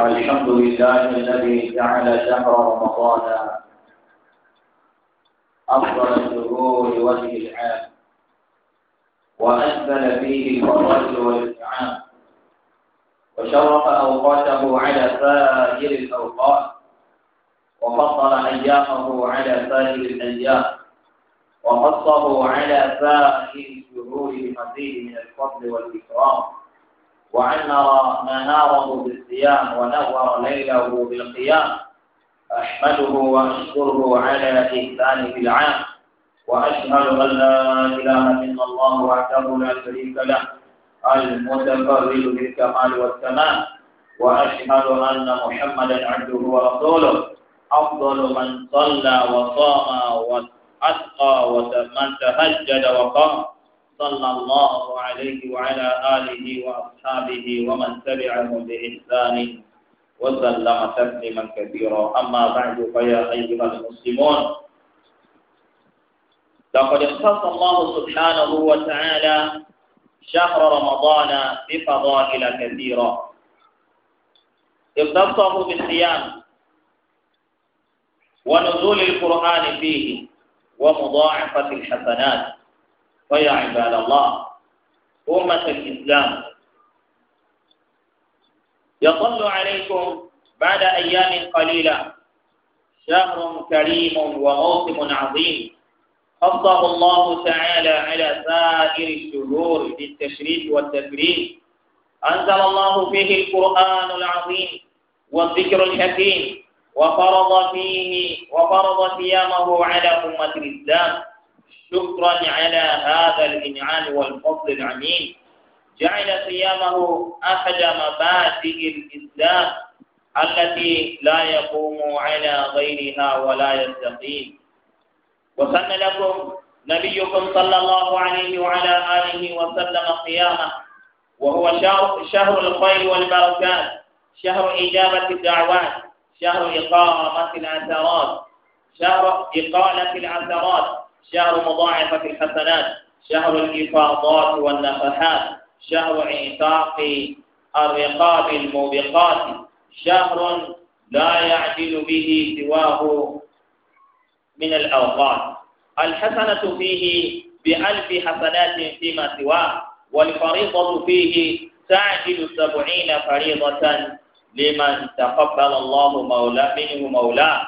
الحمد لله الذي جعل شهر رمضان أفضل الشهور وجه العام وأسبل فيه الفضل والإنعام وشرف أوقاته على سائر الأوقات وفضل أيامه على سائر الأيام وقصه على سائر الشهور بمزيد من الفضل والإكرام وعن ما ناره بالصيام ونور ليله بالقيام أحمده وأشكره على إحسانه العام وأشهد أن لا إله إلا الله وحده لا شريك له المتفرد بالكمال والتمام وأشهد أن محمدا عبده ورسوله أفضل من صلى وصام وأتقى ومن تهجد وقام صلى الله عليه وعلى آله وأصحابه ومن تبعهم بإحسان وسلم تسليما كثيرا أما بعد فيا أيها المسلمون لقد اختص الله سبحانه وتعالى شهر رمضان بفضائل كثيرة اختصه بالصيام ونزول القرآن فيه ومضاعفة الحسنات ويا عباد الله أمة الإسلام يطل عليكم بعد أيام قليلة شهر كريم وموسم عظيم خصه الله تعالى على سائر الشهور بالتشريف والتكريم أنزل الله فيه القرآن العظيم والذكر الحكيم وفرض فيه وفرض صيامه على أمة الإسلام شكرا على هذا الإنعام والفضل العميم جعل صيامه أحد مبادئ الإسلام التي لا يقوم على غيرها ولا يستقيم وسن لكم نبيكم صلى الله عليه وعلى آله وسلم قيامه وهو شهر, شهر الخير والبركات شهر إجابة الدعوات شهر إقامة العثرات شهر إقالة العثرات شهر مضاعفة الحسنات شهر الإفاضات والنفحات شهر عتاق الرقاب الموبقات شهر لا يعدل به سواه من الأوقات الحسنة فيه بألف حسنات فيما سواه والفريضة فيه تعدل سبعين فريضة لمن تقبل الله مولاه منه مولاه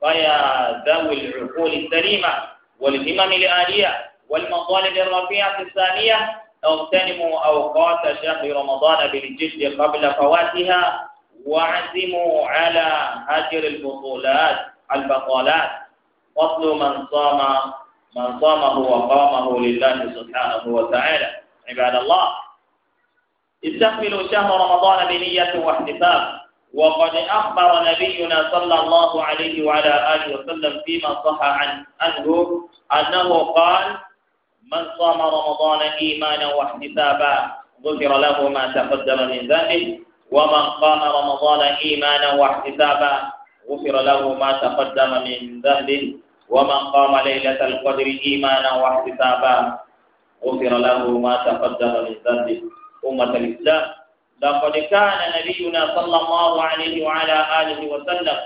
فيا ذوي العقول السليمة والهمم الآلية والمطالب الرفيعة الثانية اغتنموا أوقات شهر رمضان بالجد قبل فواتها واعزموا على هجر البطولات البطالات فصل من صام من صامه وقامه لله سبحانه وتعالى عباد الله استقبلوا شهر رمضان بنية واحتساب وقد أخبر نبينا صلى الله عليه وعلى آله وسلم فيما صح عن عنه أنه قال من صام رمضان إيمانا واحتسابا غفر له ما تقدم من ذنبه ومن قام رمضان إيمانا واحتسابا غفر له ما تقدم من ذنبه ومن قام ليلة القدر إيمانا واحتسابا غفر له ما تقدم من ذنبه أمة الإسلام لقد كان نبينا صلى الله عليه وعلى آله وسلم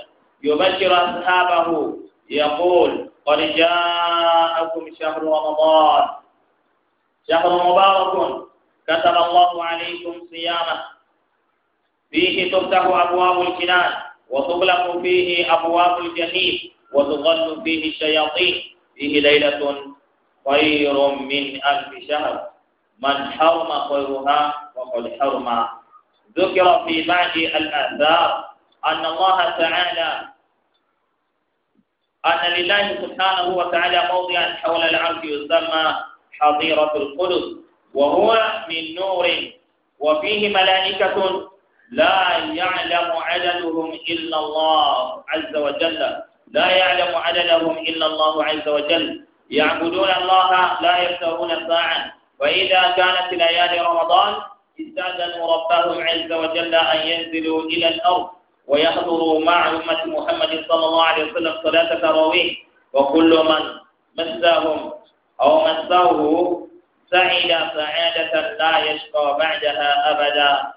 يبشر أصحابه يقول قد جاءكم شهر رمضان شهر مبارك كتب الله عليكم صيامه فيه تفتح أبواب الجنان وتغلق فيه أبواب الجحيم وتغل فيه الشياطين فيه ليلة خير من ألف شهر من حرم خيرها وقد حرم ذكر في بعض الآثار أن الله تعالى أن لله سبحانه وتعالى موضعا حول العرش يسمى حظيرة القدس وهو من نور وفيه ملائكة لا يعلم عددهم إلا الله عز وجل لا يعلم عددهم إلا الله عز وجل يعبدون الله لا يفترون الساعة وإذا كانت ليالي رمضان استاذنوا ربهم عز وجل أن ينزلوا إلى الأرض ويحضروا مع أمة محمد صلى الله عليه وسلم صلاة تراويح وكل من مساهم أو مساه سعد سعادة لا يشقى بعدها أبدا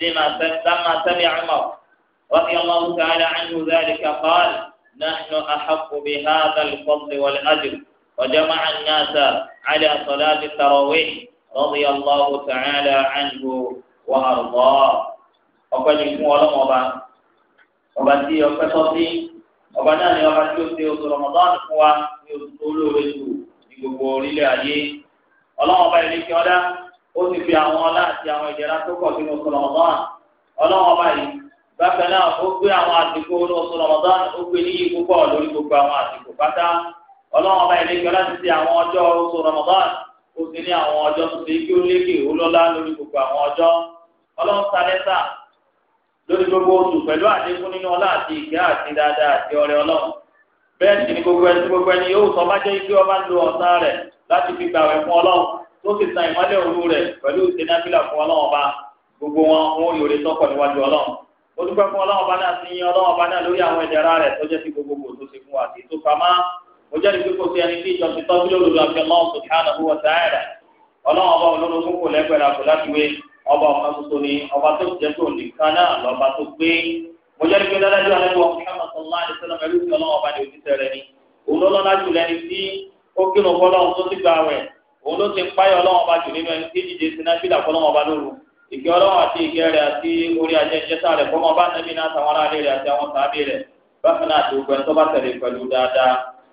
لما لما سمع عمر رضي الله تعالى عنه ذلك قال نحن أحق بهذا الفضل والأجر وجمع الناس على صلاة التراويح رضي الله تعالى عنه وأرضاه ọpẹ́ ní fún ọlọ́mọ ọba ọba tí ọpẹ́ tọ́ sí ọba náà ni ọba tí ó ṣe oṣù rọmọdán fún wa ní oṣù tó lóore jù ní gbogbo orílẹ̀ ayé ọlọ́mọ ọba yìí kí ọdá ó sì fi àwọn ọlá àti àwọn ìjẹra tó pọ̀ sínú oṣù rọmọdán ọlọ́mọ ọba yìí bákan náà ó gbé àwọn àsìkò ní oṣù rọmọdán ó gbé níyì púpọ̀ lórí gbogbo àwọn àsìkò pátá ọlọ́mọ ọba yìí kí ọdá ti ṣe àwọn ọjọ́ oṣù rọmọdán ó ti ní àwọn ọjọ́ tó ṣe kí ó lékè ó lọ́lá lórí gbogbo àwọn ọjọ́ ọlọ́run ta lẹ́tà lórí gbogbo oṣù pẹ̀lú àdékún nínú ọlá àti ìgbẹ́ àti dáadáa àti ọrẹ ọlọ́run bẹ́ẹ̀ sì ni gbogbo ẹni gbogbo ẹni yóò sọ bá jẹ́ pé ọba lo ọ̀sán rẹ̀ láti fi gbàwẹ̀ fún ọlọ́run tó sì san ìmọ́lẹ̀ òru rẹ̀ pẹ̀lú ìsẹ̀nàfílà fún ọlọ́run ọba gbogbo wọn wọn yóò lè tọkọ níwájú ọlọ́run ó dúpẹ́ fún ọlọ́run ọba náà sí ọlọ́run ọba náà lórí àwọn ìdẹ̀ra rẹ̀ tó jẹ́ sí gbogbo gbòòtó ṣe fún wa àti tó ojú ẹni kíkó sí ẹni tí ìjọ ti tọ́jú lódodo àti ọmọ subhanahu wa ta'ala ọlọ́run ọba olóró fún kò lẹ́gbẹ̀rẹ́ àfọlájúwe ọba ọ̀kan tó ní ọba tó jẹ́ tó nìkan náà lọ́ba tó gbé ojú ẹni kíkó dájú alẹ́wọ̀ Muhammad sallallahu alaihi wasallam ẹlú ti ọlọ́run ọba ní òjíṣẹ́ rẹ ni òun ló lọ́lá jù lẹ́ni tí ó kírun fọlọ́run tó ti gbà wẹ̀ òun ló ti páyọ̀ ọlọ́run ọba jù nínú ẹni tí jíjẹ sinapila fọlọ́run ọba lóru ìgbẹ́ ọlọ́run àti ìgbẹ́ rẹ̀ àti orí ajé ìjẹta rẹ̀ fọmọ bá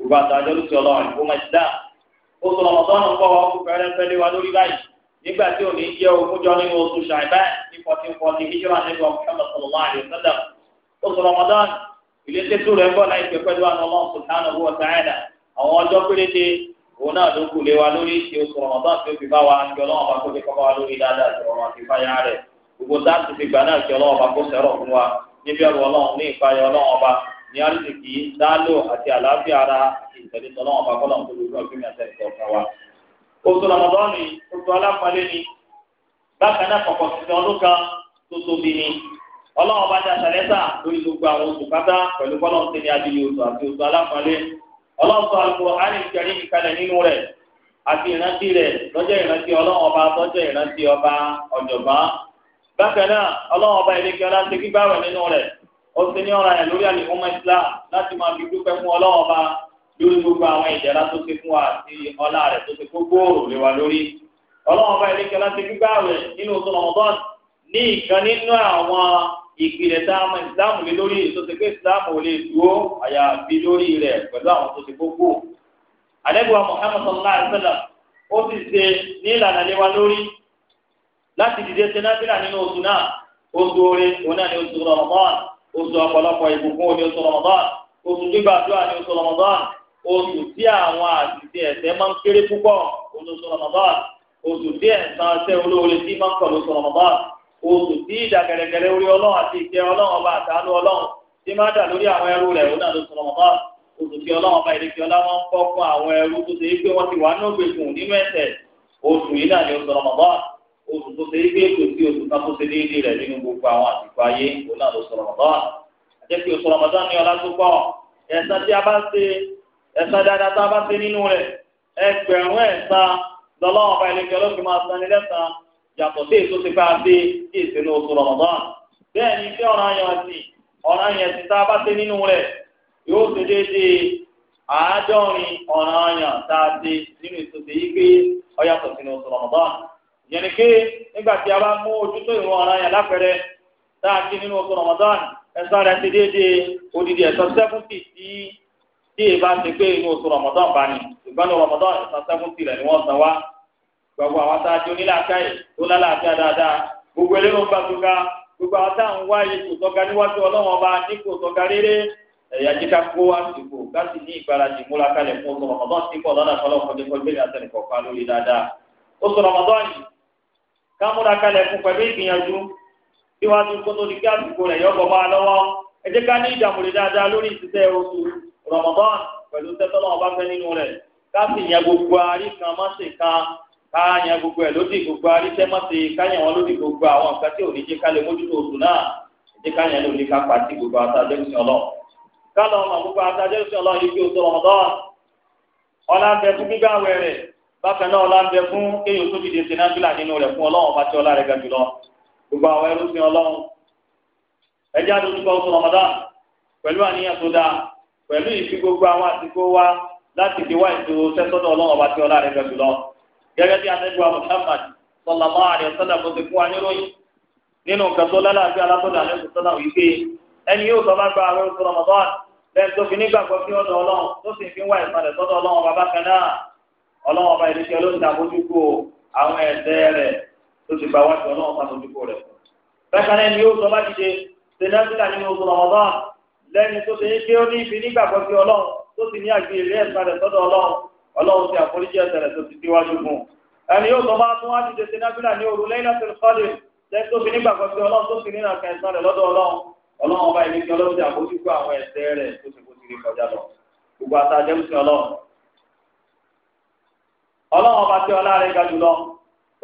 gbogbo àtàjọ ló ti ọlọ́run kó máa ti dá oṣù Ramadan ń bọ̀ wọ́n fún fẹ́rẹ́ fẹ́lẹ́ wa lórí báyìí nígbà tí òní jẹ́ ogúnjọ́ nínú oṣù Ṣàìbán ní fourteen forty hijira nínú Muhammad sallallahu alaihi wasallam oṣù Ramadan ilé tẹ́tù rẹ̀ ń bọ̀ láìpẹ́ pẹ̀lú àwọn ọmọ subhanahu wa ta'ala àwọn ọjọ́ péréte òun náà ló kù lé wa lórí ti oṣù Ramadan tí ó fi bá wa àti ọlọ́run bá kókè kọ́kọ́ wa lórí dáadáa àti ọ̀rọ̀ àti ìfáyà rẹ̀ gbogbo táàtì fi gbà náà ní àrísìkí dálò àti àlàáfíà ara àti ìtẹ̀lé sọ́nà ọba kọ́lọ̀ tó lórí ọ̀gbìn àti ẹ̀kọ́ ọ̀gá wa. oṣù ramadan oṣù alápọ̀lé ni bákan náà kọ̀kọ̀ tuntun ọdún kan tó tóbi ni ọlọ́run bá dá sàlẹ́sà lórí gbogbo àwọn oṣù pátá pẹ̀lú kọ́lọ̀ tó ní adìyẹ oṣù àti oṣù alápọ̀lé ọlọ́run sọ Al-Qur'ani Karim kalẹ̀ nínú rẹ̀ àti ìrántí rẹ̀ lọ́jọ́ ìrántí ọlọ́run ọba lọ́jọ́ ìrántí ọba ọ̀jọ̀gbọ́n bákan náà ọlọ́run ọba ìlẹ́kẹ́ ọlá ti gbígbà ó ti ní ọ̀ràn yẹn lórí àlùfọ́mọ́ islam láti máa fi dúpẹ́ fún ọlọ́wọ́n bá lórí gbogbo àwọn ìjẹ́ra tó ti fún wa àti ọlá rẹ̀ tó ti kó gbòòrò lé wa lórí ọlọ́wọ́n bá ilé ti gbígbá rẹ̀ nínú oṣù Ramadan ní ìkan nínú àwọn ìpìlẹ̀ tá a mọ islam lé lórí tó ti pé islam ò lè dúró àyàfi lórí rẹ̀ pẹ̀lú àwọn tó ti gbogbo àdẹ́gbẹ̀wá Muhammad sallallahu alayhi wa sallam ó ti ṣe ní ìlànà lé wa lórí láti dìde ṣe náfìlà nínú oṣù náà oṣù orin òun náà ni oṣù Ramadan oṣù ọ̀pọ̀lọpọ̀ ìbùkún oní oṣù Ramadan oṣù gbígbà àdúrà ní oṣù Ramadan oṣù tí àwọn àṣìṣe ẹ̀ṣẹ̀ máa ń kéré púpọ̀ oní oṣù Ramadan oṣù tí ẹ̀san ẹ̀ṣẹ̀ olóore tí máa ń pọ̀ lóṣù Ramadan oṣù tí ìdàgẹ̀rẹ̀gẹ̀rẹ̀ orí ọlọ́run àti ìkẹ́ ọlọ́run ọba àtàánú ọlọ́run tí máa dà lórí àwọn ẹrú rẹ̀ òun náà lóṣù Ramadan oṣù tí ọlọ́run ọba ìrèké ọlá máa ń kọ́ fún àwọn ẹrú tó ṣe oṣù tó ṣe é gbé kò sí oṣù kan tó ṣe déédé rẹ̀ nínú gbogbo àwọn àsìkò ayé òun náà ló sọ Ramadan àti pé oṣù Ramadan ni ọlá tó pọ̀ ẹ̀san tí a bá ṣe ẹ̀san dáadáa tá a bá ṣe nínú rẹ̀ ẹgbẹ̀rún ẹ̀san lọ́lọ́wọ́n bá ilé ìjọba fi máa san ilé san sí èso ti fáa dé sí ìsinú oṣù Ramadan bẹ́ẹ̀ ni iṣẹ́ ọ̀ràn yẹn ti ọ̀ràn yẹn ti tá a bá ṣe nínú rẹ̀ yóò ṣe déédéé àádọ́rin ọ̀ràn yẹn tá a ṣe nínú ìsòsè Ramadan yẹn ni pé nígbà tí a bá mú ojútó ìrún ọ̀ràn yẹn lápẹẹrẹ tá a ti nínú oṣù Ramadan ẹ̀sán rẹ̀ ti déédéé odidi ẹ̀sán sẹ́fúntì tí tí èyí bá ti pé inú oṣù Ramadan bá ní ṣùgbọ́n ní Ramadan ẹ̀sán sẹ́fúntì rẹ̀ ni wọ́n san wá gbogbo àwọn sáájú onílàákàyè tó lálàáfíà dáadáa gbogbo eléyìí ń bá tó ká gbogbo àwọn tá à ń wáyé kò tọ́ka níwájú ọlọ́wọ́n ọba ní kò tọ́ka rere ẹ̀yà jíká kó àsìkò láti ní ìgbáradì múra kalẹ̀ fún oṣù Ramadan tí kò lọ́nà fọlọ́ ka mụ kalẹ̀ fún pẹ̀lú ìgbìyànjú síwájú kó tó di kí àsìkò rẹ̀ yọ bọ̀bọ̀ lọ́wọ́ ẹ jẹ́ ká ní ìdàmúlẹ̀ dáadáa lórí ìṣiṣẹ́ oṣù Ramadan pẹ̀lú tẹ́tọ́ náà bá fẹ́ nínú rẹ̀ ká sì yan gbogbo àárí kan má ṣe kan ká yan gbogbo ẹ̀ lódì gbogbo àárí tẹ́ má ṣe ká lódì gbogbo àwọn nǹkan tí ò ní jẹ́ ká gbogbo àtàjẹ́ bákan náà ọlá ń bẹ fún kéèyàn tó dìde ṣe nájúlà nínú rẹ̀ fún ọlọ́run bá tí ọlá rẹ̀ ga jùlọ gbogbo àwọn ẹrú sin ọlọ́run ẹjẹ́ àdójúkọ oṣù Ramadan pẹ̀lú àníyàn tó dáa pẹ̀lú ìfi gbogbo àwọn àsìkò wa láti fi wá ìṣòro sẹ́sọ́dọ̀ ọlọ́run bá tí ọlá rẹ̀ ga jùlọ gẹ́gẹ́ bí anẹ́gbà Muhammad sallallahu alaihi wasallam kò ti fún wa níròyìn nínú nǹkan tó lálàáfíà látọ̀dọ̀ àlẹ́ sọ́dọ̀ wípé ẹni yóò sọ bá gba àwọn oṣù Ramadan lẹ́yìn tó fi nígbàgbọ́ sí ọ̀dọ̀ ọlọ́run tó sì fi wá ọlọ́wọ́n ọba ìdíje olóńtà mójúkó àwọn ẹ̀ṣẹ̀ rẹ̀ tó ti gba wájú ọlọ́wọ́n ọba mójúkó rẹ̀. bẹ́ẹ̀ni ni yóò sọ bá dìde sẹ́dáfíà nínú oṣù rọ̀mọ́dán lẹ́ni tó ṣe é gbé ó ní ibi nígbàgbọ́ sí ọlọ́run tó sì ní àgbèrè ẹ̀sán rẹ̀ sọ́dọ̀ ọlọ́run ọlọ́run ti àforíjì ẹ̀ṣẹ̀ rẹ̀ tó ti síwájú fún un. ẹni yóò sọ bá tún wá dìde sẹ́dáfíà ní òru lẹ́yìn láti kọ́lé lẹ́ni tó fi nígbàgbọ́ sí ọlọ́run tó sì ní ìrànkẹ́ ẹ̀sán rẹ̀ lọ́dọ̀ ọlọ́run ọlọ́run ọba ìlú ọlọ́run ọba tí ọlá rẹ̀ ga jùlọ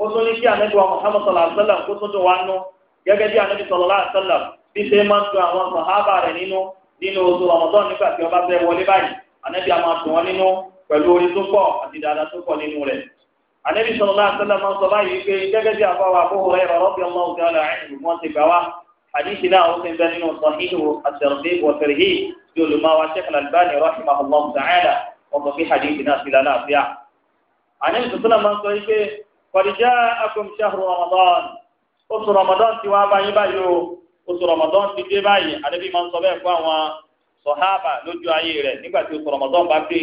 ó tún ní kí anabi wa muhammad sallallahu alayhi wa sallam kó tún tún wá nú gẹ́gẹ́ bí anabi sallallahu alayhi wa sallam bí ṣe máa ń tún àwọn sàhábà rẹ̀ nínú nínú oṣù ramadan nígbà tí ọba fẹ́ wọlé báyìí anabi a máa tún wọn nínú pẹ̀lú orin tó pọ̀ àti dáadáa tó pọ̀ nínú rẹ̀ anabi sallallahu alayhi máa ń sọ báyìí pé gẹ́gẹ́ bí àfọwọ́ àbúrò wọn ti gbà wá náà ó ti ń bẹ anyị ìtòsílẹ̀ na ń sọ wípé kọ̀díjà akum shahru ramadan oṣù ramadan ti wá báyìí báyìí o oṣù ramadan ti dé báyìí àdébí máa ń sọ bẹ́ẹ̀ fún àwọn sọ̀hábà lójú ayé rẹ̀ nígbà tí oṣù ramadan bá dé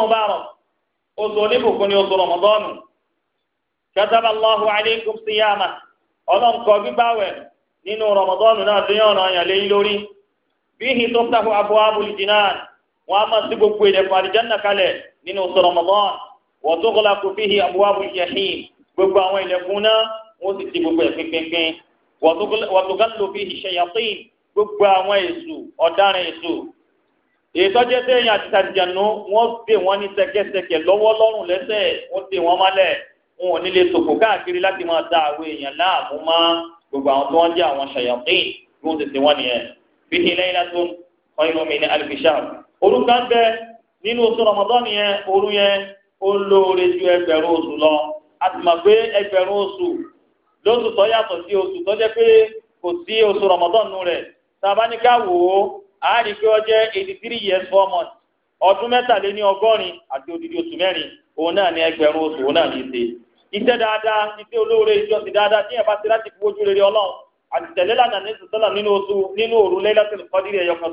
mubarak oṣù oníbùkún ni oṣù ramadan kataba allahu alaykum siyama ọlọ́nkọ́ gbígbáwẹ̀ nínú ramadan náà fi hàn ọ̀nà jinan wọn a máa sí gbogbo ilẹ̀kùn àlìjánná kalẹ̀ nínú oṣù Ramadan wọ́n tó kọ́lá kó fihi abwabu jahim gbogbo àwọn ilẹ̀kùn náà wọ́n sì ti gbogbo ẹ̀ pínpínpín wọ́n tó kọ́lá fihi shayatin gbogbo àwọn èṣù ọ̀daràn èṣù ìtọ́jẹ́ sẹ́yìn àti tàdìjànú wọ́n dè wọ́n ní sẹ́kẹ́sẹkẹ̀ lọ́wọ́ lọ́rùn lẹ́sẹ̀ wọ́n dè wọ́n mọ́lẹ̀ wọn ò ní lè sòkò káàkiri láti máa da àwọn èèyàn láàmú mọ́ gbogbo àwọn tó wọ́n jẹ́ àwọn ṣàyàpín bí ti ṣe wọ́n nìyẹn bíi ilé oru ń bẹ nínú oṣù rọmọdọ́nì yẹn òru yẹn o lóore ju ẹgbẹ̀rún oṣù lọ a sì mọ̀ pé ẹgbẹ̀rún oṣù lóṣù tó yàtọ̀ sí oṣù tó jẹ́ pé kò sí oṣù rọmọdọ́nù rẹ̀ tàbáníkà wò ó a pé eighty three years four months ọdún mẹ́tàléní ọgọ́rin àti odidi oṣù merin òun náà ní ẹgbẹ̀rún oṣù òun náà ní í ṣe dáadáa iṣẹ́ olóore ìjọsìn dáadáa tí yẹn bá ti láti rere nínú oṣù nínú òru lẹ́lẹ́sìn kọ́dírì ẹ̀yọkan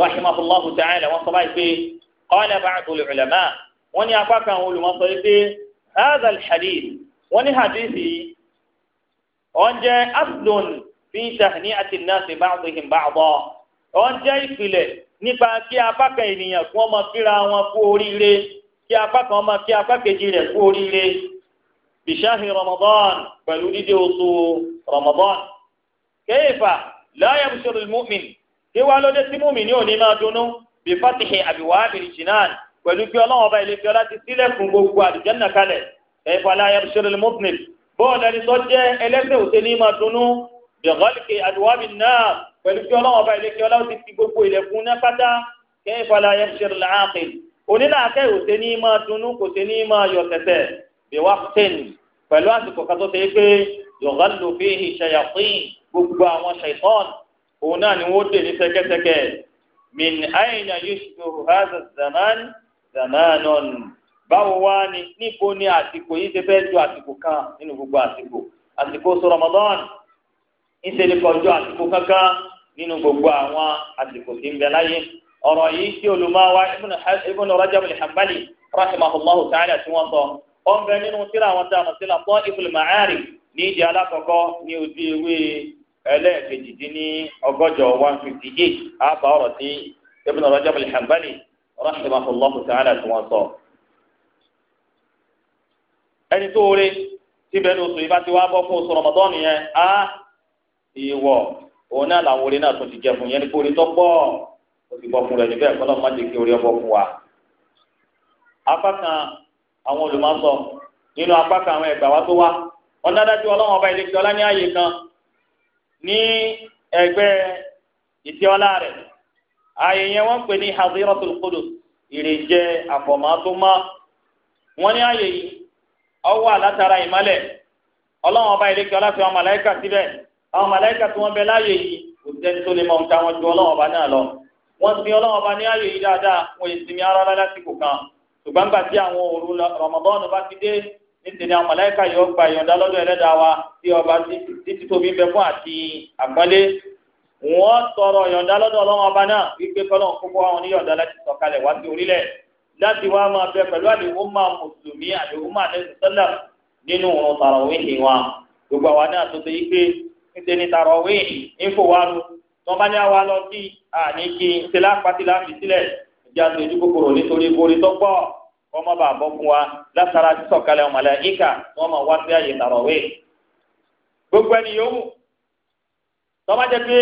رحمه الله تعالى وصباح فيه قال بعض العلماء وني أفاك أقول مصيبي هذا الحديث وني حديثي أنجى أصل في تهنئة الناس بعضهم بعضا أنجى إفلة nípa kí apá kan ènìyàn kí wọ́n máa kíra wọn kú oríire kí apá kan máa kí apá kejì rẹ̀ kú oríire bìṣáhì ramadan pẹ̀lú dídé oṣù ramadan kéèfà láyé bùsùlùmí kí wá lóde tí múmi ní òní máa dunnú bí fatihi àbíwá àbìrì jinan pẹ̀lú bí ọlọ́run ọba ilé fiọ́lá ti sílẹ̀ fún gbogbo àlùjánnà kalẹ̀ ẹ̀fọ́lá yabṣẹ́rẹ́ mọ́tìnìl bọ́ọ̀lù ẹni tó jẹ́ ẹlẹ́sẹ̀ òsè ní máa dunnú bí ọ̀gọ́lìkè àdùwábì náà pẹ̀lú bí ọlọ́run ọba ilé fiọ́lá ti fi gbogbo ilẹ̀kùn náà pátá ẹ̀fọ́lá yabṣẹ́rẹ́ làákìn onílàákẹ́ òsè òun náà ni wọ́n dè ní sẹ́kẹ́sẹ́kẹ́ min aina yushbihu hadha zaman zamanon báwo wá ni níbo ni àsìkò yìí ṣe fẹ́ ju àsìkò kan nínú gbogbo àsìkò àsìkò oṣù Ramadan ìṣẹ̀lẹ̀ kọjú àsìkò kankan nínú gbogbo àwọn àsìkò tí ń bẹ láyé ọ̀rọ̀ yìí tí olùmọ̀wá ibn Rajab al-Hanbali ta'ala tí wọ́n sọ ọ̀nbẹ nínú tíra àwọn tí a mọ̀ sí làpọ̀ ibùdó màárì ní ìdí alákọ̀ọ́kọ́ ní ojú ewé ẹlẹ́ẹ̀kejì dín ní ọgọ́jọ one fifty eight àbá ọ̀rọ̀ tí ta'ala tí wọ́n sọ. ẹni tó rí ní oṣù ti wá bọ́ fún oṣù Ramadan yẹn á ìwọ̀ òun náà làwọn orin náà tún ti jẹ fún yẹn ní kó orin tó pọ̀ ó bọ́ fún rẹ̀ níbẹ̀ kọ́lọ́ má jẹ́ kí fún wa. apá kan àwọn olùmọ̀ sọ nínú apá kan àwọn wa tó ní ẹgbẹ́ ìtìọ́lá rẹ̀ ààyè yẹn wọ́n pè ní Hadiratul je ìrìnjẹ àfọ̀mọ́tòmọ́ wọ́n ní ààyè yìí ọwọ́ àlátara ìmọ́lẹ̀ ọlọ́wọ́n ọba ìlékè ọlá fi àwọn màláìkà síbẹ̀ àwọn màláìkà tí wọ́n bẹ láàyè yìí kò sẹ́ni tó lè mọ ohun táwọn ju ọlọ́wọ́n ọba náà lọ wọ́n sin ọlọ́wọ́n ọba ní ààyè yìí dáadáa wọ́n yìí sinmi ara rárá kan ṣùgbọ́n àwọn òru níṣẹ́ ni àwọn mọ̀láìkà yóò gba ìyọ̀ǹda lọ́dọ̀ ẹlẹ́dàá wa tí ọba títí tóbi ń bẹ fún àti àpọ́nlé wọ́n tọrọ ìyọ̀ǹda lọ́dọ̀ ọlọ́run ọba náà wípé fọlọ́run kókó àwọn oníyọ̀ǹda láti sọ̀kalẹ̀ wá sí orílẹ̀ láti wá máa bẹ pẹ̀lú àdéhùn máa mùsùlùmí àdéhùn máa lẹ́sìn sọ́lá nínú òun tàràwíhì wa gbogbo àwa náà tó ṣe yí níṣẹ́ ni tàràwíhì ń fò wá lu tó bá ní àwa lọ kí àní kí ń ṣe lápá kọ́mọ́ bá bọ́ fún wa látara sísọ̀kalẹ̀ màláíkà wọ́n máa wá sí àyè tàràwé. gbogbo ẹni yòówù tọ́ba jẹ́ pé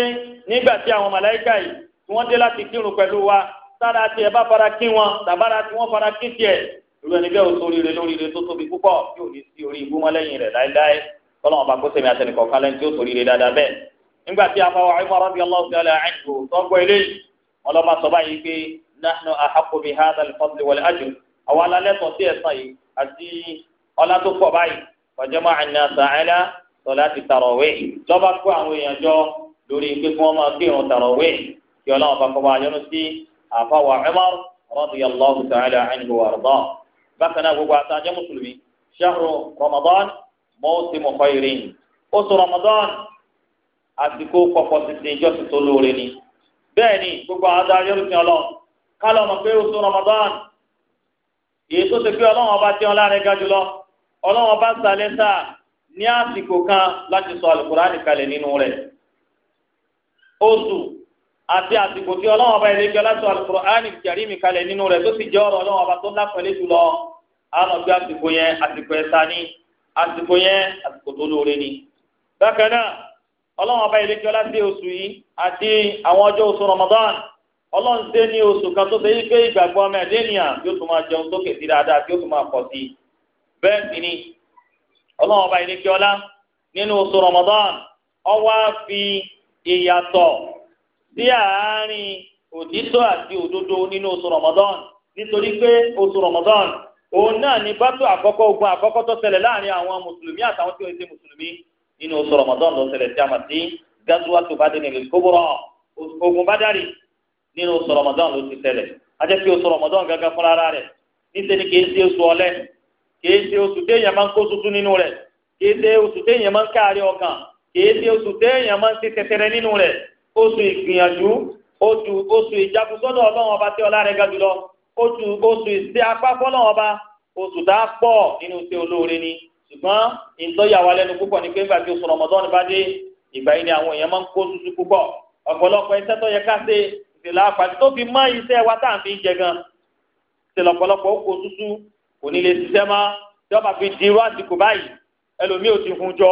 nígbà tí àwọn màláíkà yìí tí wọ́n dé láti kírun pẹ̀lú wa sára tiẹ̀ bá fara kí wọn tàbára tí wọ́n fara kí tiẹ̀ irú ẹni bẹ́ẹ̀ o sórí rẹ lórí rẹ tó tóbi púpọ̀ yóò ní sí orí ibú wọn lẹ́yìn rẹ̀ láéláé kọ́lọ́mọ̀ bá kó sẹ́mi àtẹnìkọ̀ kan lẹ́yìn tí ó sórí rẹ dáadáa bẹ́ẹ̀ nígbà tí afọwọ́ ẹ̀fọ́ rọ́bì ọlọ́ọ̀sì àwa alálẹ́tọ̀ sí ẹ̀sán yìí àti ọlá tó pọ̀ báyìí ọjọ́ máa ń na sàáìlá sọlá ti tarawih lọ́ba kó àwọn èèyàn jọ lórí pé kí wọ́n máa kírun tarawih kí ọlọ́run bá kọ́ba yọnu sí àfàwà Umar radiyallahu ta'ala anhu wa arda bákan náà gbogbo àtàjẹ́ mùsùlùmí shahru Ramadan mawsimu khairin oṣù Ramadan àsìkò kọ̀kọ̀ títí ìjọ́sìn tó lóore ni bẹ́ẹ̀ ni gbogbo àtàjẹ́ mùsùlùmí ọlọ́run kálọ̀ mọ̀ pé oṣù Ramadan èyí tó ṣe pé ọlọ́run ọba tí wọn lára ga jùlọ ọlọ́run ọba sàlẹ̀ sà ní àsìkò kan láti sọ àlùkùránì kalẹ̀ nínú rẹ̀ oṣù àti àsìkò tí ọlọ́run ọba ìlẹ́jọ́ láti sọ àlùkùránì kẹrìmì kalẹ̀ nínú rẹ̀ tó sì jẹ́ ọ̀rọ̀ ọlọ́run ọba tó lápẹ̀lẹ́ jùlọ àwọn ọ̀gbẹ́ àsìkò yẹn àsìkò ẹ̀sà ni àsìkò yẹn àsìkò tó lóore ni. bákan náà ọlọ́run ọba ìlẹ́jọ́ láti oṣù yìí àti Ramadan ọlọ́run dé ní oṣù kan tó ṣe yí pé ìgbàgbọ́ ọmọ ẹ̀dẹ́ ènìyàn yóò tún máa jẹun sókè sí dáadáa tí yóò tún máa pọ̀ sí i bẹ́ẹ̀ fi ìyàtọ̀ sí àárín òtítọ́ àti òdodo nínú oṣù Ramadan nítorí pé oṣù Ramadan òun náà ni bátú àkọ́kọ́ ogun àkọ́kọ́ tó ṣẹlẹ̀ láàrin àwọn mùsùlùmí àtàwọn tí ó ṣe mùsùlùmí nínú oṣù Ramadan tí a ogun bá nínú oṣù Ramadan ló ti ṣẹlẹ̀ ajẹ́ pé oṣù Ramadan gángan fúnra ara rẹ̀ níṣẹ́ ni kìí ṣe oṣù ọlẹ́ kìí ṣe oṣù téèyàn máa ń kó tuntun nínú rẹ̀ kìí ṣe oṣù téèyàn máa ń káàárẹ̀ ọkàn kìí ṣe oṣù téèyàn máa ń ṣe tẹ̀tẹ̀rẹ̀ nínú rẹ̀ oṣù ìgbìyànjú oṣù oṣù ìjagun sọ́dọ̀ ọlọ́run ọba tí ọlá rẹ̀ ga jùlọ oṣù oṣù ìṣe apá ọba oṣù tá a pọ̀ nínú iṣẹ́ olóore ni ṣùgbọ́n ìtọ́yàwó alẹ́nu púpọ̀ ni pé nígbà tí oṣù Ramadan bá dé ìgbà yìí ni àwọn èèyàn máa ń kó tuntun púpọ̀ ọ̀pọ̀lọpọ̀ iṣẹ́ tó yẹ ká ṣe tìlà pàtó tó fi mọ iṣẹ́ wa tá à ń fi jẹ gan tìlà ọ̀pọ̀lọpọ̀ oko tútù kò ní lè ṣiṣẹ́ mọ́ tí wọ́n bá fi di irú àsìkò báyìí ẹlòmíì ò ti hun jọ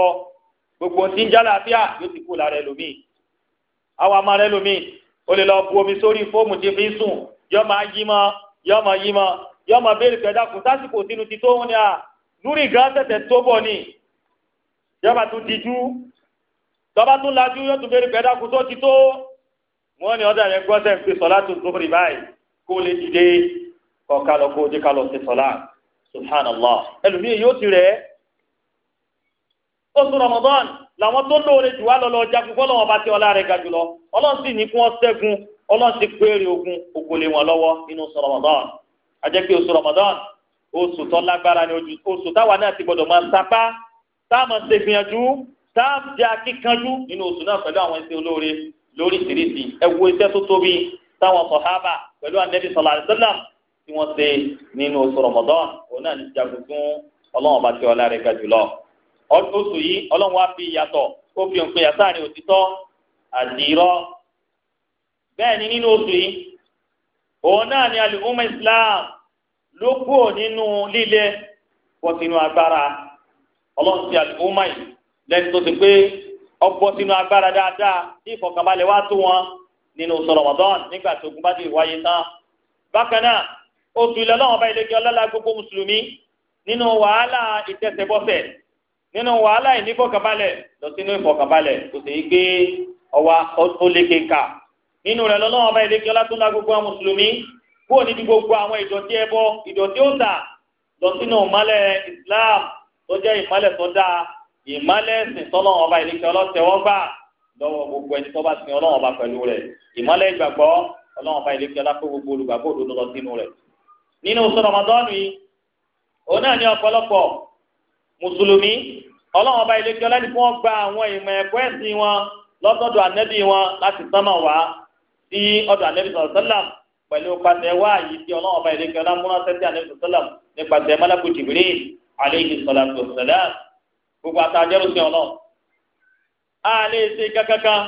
gbogbo ti ń jálá bíà yóò ti kú lára ẹlòmíì àwọn àmọ́ rẹ ẹlòmíì o lè lọ bu omi sórí fóòmù tí fi ń sùn yọ máa yí mọ yọ máa yí mọ yọ máa béèrè pẹ̀lú àkùn sásìkò sínú ti tó ń ní à lórí gan wọ́n ní ọ̀dà yẹn gbọ́dọ̀ pé sọlá tó dókòrì báyìí kó lè dìde kọ̀ọ̀ká lọ kó dé ká lọ sí sọlá subhanallah ẹlòmíì yóò ti rẹ̀ ẹ́ oṣù rọmọdán làwọn tó lóore jù wá lọ lọ jagun fọlọ́wọ́n bá ti ọlá rẹ̀ ga jùlọ ọlọ́run sì ní kí wọ́n ṣẹ́gun ọlọ́run sì péré ogun ògòlè wọn lọ́wọ́ nínú oṣù rọmọdán ajẹ́ pé oṣù rọmọdán oṣù tó lágbára ni oṣù táwa náà ti gbọdọ̀ máa sapá tá ṣe gbìyànjú tá a akíkanjú nínú oṣù náà pẹ̀lú àwọn ẹsẹ̀ olóore lóríṣiríṣi ẹ wo iṣẹ́ tó tóbi táwọn sọ̀hábà pẹ̀lú anabi sallallahu alaihi wasallam tí wọ́n ṣe nínú oṣù Ramadan òun náà ní jagun fún ọlọ́run bá ti ọlá rẹ̀ ga jùlọ oṣù yìí ọlọ́run wá fi ìyàtọ̀ ó fi òǹpẹ̀ yàtọ̀ àrẹ òtítọ́ àdìrọ́ bẹ́ẹ̀ ni nínú oṣù yìí òun náà ni alùpùpù Islam ló kúrò nínú líle wọ́n ti nu agbára ọlọ́run ti alùpùpù yìí lẹ́ni tó ti pé ọbọ sínú agbára dáadáa tí ìfọ̀kànbalẹ̀ wá tó wọn nínú oṣù Ramadan nígbà tí ogun bá ti wáyé tán bákan náà oṣù ilẹ̀ náà ọba ilé kí ọlọ́lá gbogbo mùsùlùmí nínú wàhálà ìtẹ̀sẹ̀bọsẹ̀ nínú wàhálà ìnífọ̀kànbalẹ̀ lọ sínú ìfọ̀kànbalẹ̀ kò sì í gbé ọwa ó lé kéka nínú rẹ̀ lọ́nà ọba ilé kí ọlá tó gbogbo mùsùlùmí kúrò níbi gbogbo àwọn ìdọ̀tí ẹbọ ìdọ̀tí òòtà lọ sínú ìmọ́lẹ̀ Islam tó jẹ́ ìmọ́lẹ̀ tó dáa ìmọ́lẹ̀ ẹ̀sìn tọ́lọ́wọ́n ọba ìlẹ́kẹ́ ọlọ́tẹ̀wọ́gbà lọ́wọ́ gbogbo ẹni tó bá sin ọlọ́wọ́n ọba pẹ̀lú rẹ̀ ìmọ́lẹ̀ ìgbàgbọ́ ọlọ́wọ́n ọba ìlẹ́kẹ́ ọlá fún gbogbo olùgbàgbọ́ òdodo lọ sínú rẹ̀. nínú oṣù rọmọdọ́ọ̀nù yìí òun náà ní ọ̀pọ̀lọpọ̀ mùsùlùmí ọlọ́wọ́n ọba ìlẹ́kẹ́ ọlá ní kí wọ́n gba àwọn ìmọ̀ ẹ̀kọ́ ẹ̀sìn wọn lọ́dọ̀dọ̀ ànẹ́bí wọn láti sánmà wá sí ọ̀dọ̀ ànẹ́bí sọ̀rọ̀ sálàm pẹ̀lú pàṣẹ wá gbogbo àtàjẹrò sí ọ náà a lè ṣe kankankan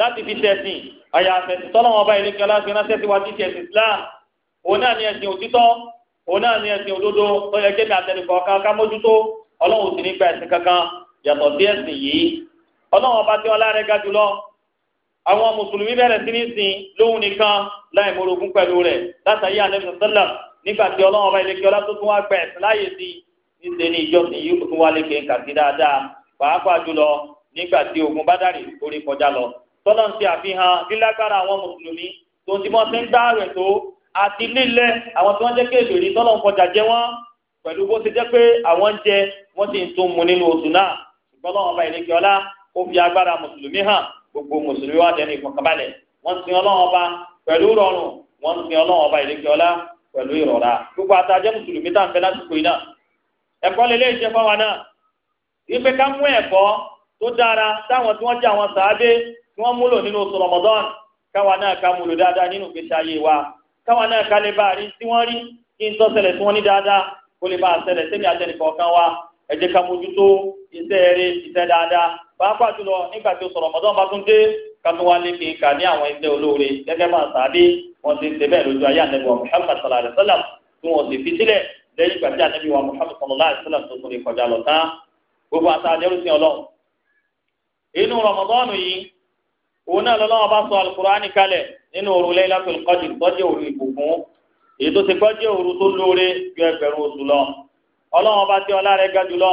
láti fi tẹ̀sìn àyà àfẹ̀sìn tọ́lọ́wọ́n ọba ìlú kan láti ránṣẹ́ sí wa títí ẹ̀sìn Islam òun náà ni ẹ̀sìn òtítọ́ òun náà ni ẹ̀sìn òdodo tó yẹ kébi àtẹnukọ̀ kan ká mójútó ọlọ́run sì ní gba ẹ̀sìn kankan yàtọ̀ sí ẹ̀sìn yìí ọlọ́run ọba tí wọn láre ga jùlọ àwọn mùsùlùmí bẹ̀rẹ̀ sí ní sìn lóhun nìkan láì mórogún pẹ̀lú rẹ̀ látàyé àlẹ́ níṣẹ́ ní ìjọ ní yóò tún wálé kéka sí dáadáa pàápàá jùlọ nígbà tí ogun bádàrí orí kọjá lọ tọ́lá ń ṣe àfihàn lílágbára àwọn mùsùlùmí tó ti mọ́ sí ń dá rẹ̀ tó àti lílẹ̀ àwọn tí wọ́n jẹ́ kéèlè rí tọ́lá ń kọjá jẹ wọ́n pẹ̀lú bó ti jẹ́ pé àwọn ń jẹ wọ́n sì ń tún mu nínú oṣù náà ṣùgbọ́n lọ́wọ́ ọba ìlẹ́kẹ̀ ọlá ó fi agbára mùsùlùmí hàn gbogbo mùsùlùmí wà ẹ̀kọ́ lélẹ́ ìṣe fáwa náà wípé ká mú ẹ̀kọ́ tó dára táwọn tí wọ́n jẹ́ àwọn sàábé tí wọ́n múlò nínú oṣù Ramadan káwa náà ká múlò dáadáa nínú ìgbésí ayé wa káwa náà ká lè bá a rí tí wọ́n rí kí n tọ́sẹ̀lẹ̀ tí wọ́n ní dáadáa kó lè bá a ṣẹlẹ̀ sẹ́mi àtẹnìkọ̀ọ̀kan wa ẹ jẹ́ ká mójútó iṣẹ́ eré iṣẹ́ dáadáa pàápàá jùlọ nígbà tí oṣù Ramadan bá tún dé kátó wá lé kéka ní àwọn iṣẹ́ olóore gẹ́gẹ́ bá a sàábé wọ́n ti ṣe bẹ́ẹ̀ lójú ayé àtẹ̀wọ̀ lẹ́yìn ìgbà tí ànábì wa Muhammad sallallahu alaihi wasallam tó tún lè kọjá lọ tán gbogbo àtà àjẹrùsìn Ọlọ́run inú Ramadan yìí òun náà lọ́lọ́wọ́ bá sọ alukurani kalẹ̀ nínú òru Laylatul Qadr tọ́jú òru ìbùkún èyí tó ti gbọ́jú òru tó lóore ju ẹgbẹ̀rún oṣù lọ Ọlọ́run bá tí ọlá rẹ̀ ga jùlọ